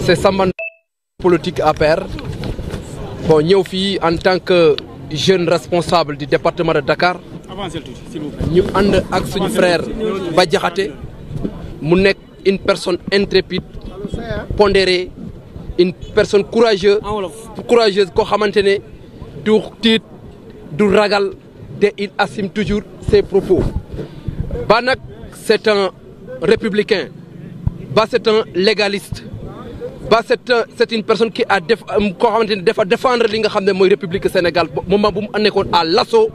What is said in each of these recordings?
c'est sama politique paire bon ñëw fii en tant que jeune responsable du département de Dakar ñu ànd ak suñu frère Bah Diakhaté mu nekk une personne intrépide pondérée une personne courageuse courageuse koo xamante ne du tiit du ragal te il assume toujours ses propos Bah nag c'est un républicain Bah c'est un légaliste ba c'est euh, c'est une personne qui a def euh, koo xamante ne dafa défendre li nga xam ne mooy république Sénégal moment bu mu nekkoon à l'assaut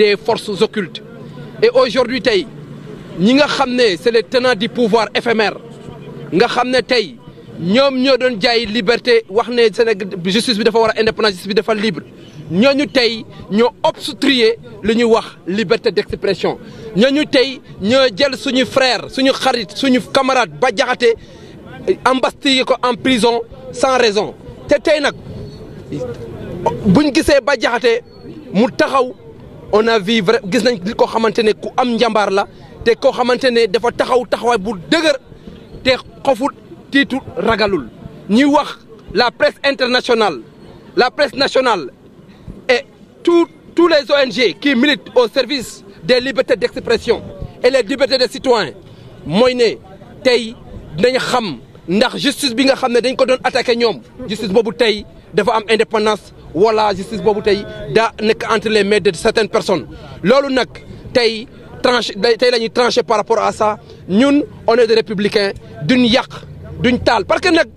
des forces occultes et aujourd'hui tey ñi nga xam ne c'est les tenants di pouvoir éphémère nga xam ne tey ñoom ñoo doon jaay liberté wax ne Sénégal justice bi dafa war a indépendance justice bi dafa libre ñoo ñu tey ñoo obstruer li ñuy wax liberté d'expression ñu tey ñoo jël suñu frère suñu xarit suñu camarade ba jaxate en embastiller ko en prison san raison te tey nag buñ gisee ba jaxate mu taxaw on a vu vrai gis nañ li ko xamante ne ku am njàmbaar la te koo xamante ne dafa taxaw taxawaay bu dëgër te xoful tiitu ragalul ñuy wax la presse internationale la presse nationale et tout tous les ONG qui militent au service des libertés d'expression et les libertés des citoyens mooy ne tey dinañ xam ndax justice bi nga xam ne dañ ko doon attaqué ñoom justice boobu tey dafa am indépendance wala justice boobu tey daa nekk entre les mains de certaines personnes loolu nag tey tranché tey la ñuy tranché par rapport à ça ñun on de des républicains duñ yàq duñ taal parce que nag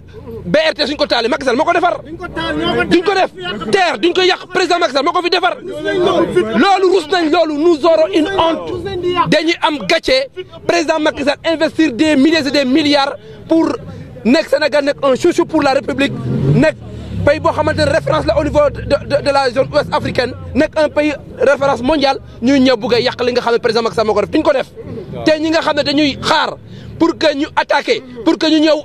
BRT suñ ko taalee Macky Sall moo ko defar duñ ko def terre ko yàq président Macky Sall moo defar loolu rus nañ loolu nous aurons une honte dañuy am gàcce président Macky Sall investir de milliers et des milliards pour nekk Sénégal nekk un chouchou pour la République nekk pays boo xamante ne référence la au niveau de la zone ouest africaine nekk un pays référence mondiale ñuy ñëw bugg a yàq li nga xam ne président Macky Sall moo ko te ñi nga xam ne dañuy xaar pour que ñu attaqué pour que ñu ñëw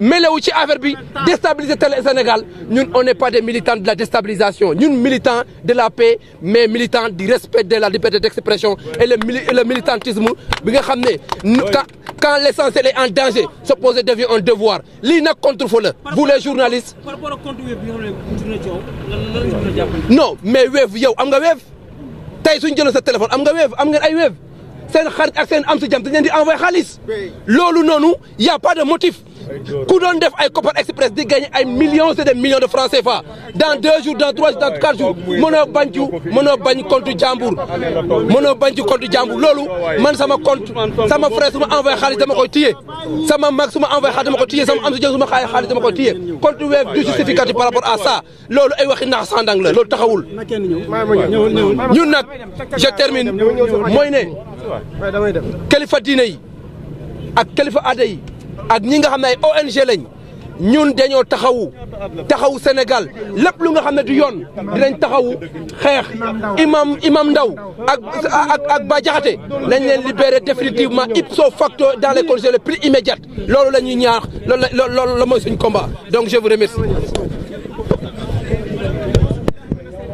mêlé ci affaire bi déstabiliser télé Sénégal ñun on n'est pas des militants de la déstabilisation ñun militants de la paix mais militants du respect de la liberté d'expression et le le militantisme bi nga xam ne quand l'essentiel est en danger s'opposer devient un devoir lii nag contre feu la vous les journalistes non mais Wave yow am nga Wave tey suñ jëloon sa téléphone am nga Wave am ngeen ay Wave seen xarit ak seen am si jàmm dañ leen di envoyer xaalis loolu noonu y a pas de motif ku doon def ay Kopar Express di gagné ay millions et des de francs CFA dans deux jours dans trois jours dans quatre jours mënoo bañ ci mënoo bañ compte jàmbur mënoo bañ ci compte loolu man sama compte sama frère su ma envoyé xaalis dama koy téye sama mag su ma envoyé xaalis dama koy téye sama am si jëng su ma xaaye xaalis dama koy téye compte web du justificatif par rapport à loolu ay waxi naax sandang la loolu taxawul ñun nag je termine mooy ne kilifa diine yi ak yi ak ñi nga xam ne ay ONG lañ ñun dañoo taxawu taxawu Sénégal lépp lu nga xam ne du yoon dinañ taxawu xeex imam imam Ndaw ak ak ak Bah Diakhaté nañ leen libérer définitivement ipso facto dans les conditions les plus immédiates loolu la ñuy ñaax loolu la loolu la mooy suñ combat donc je vous remercie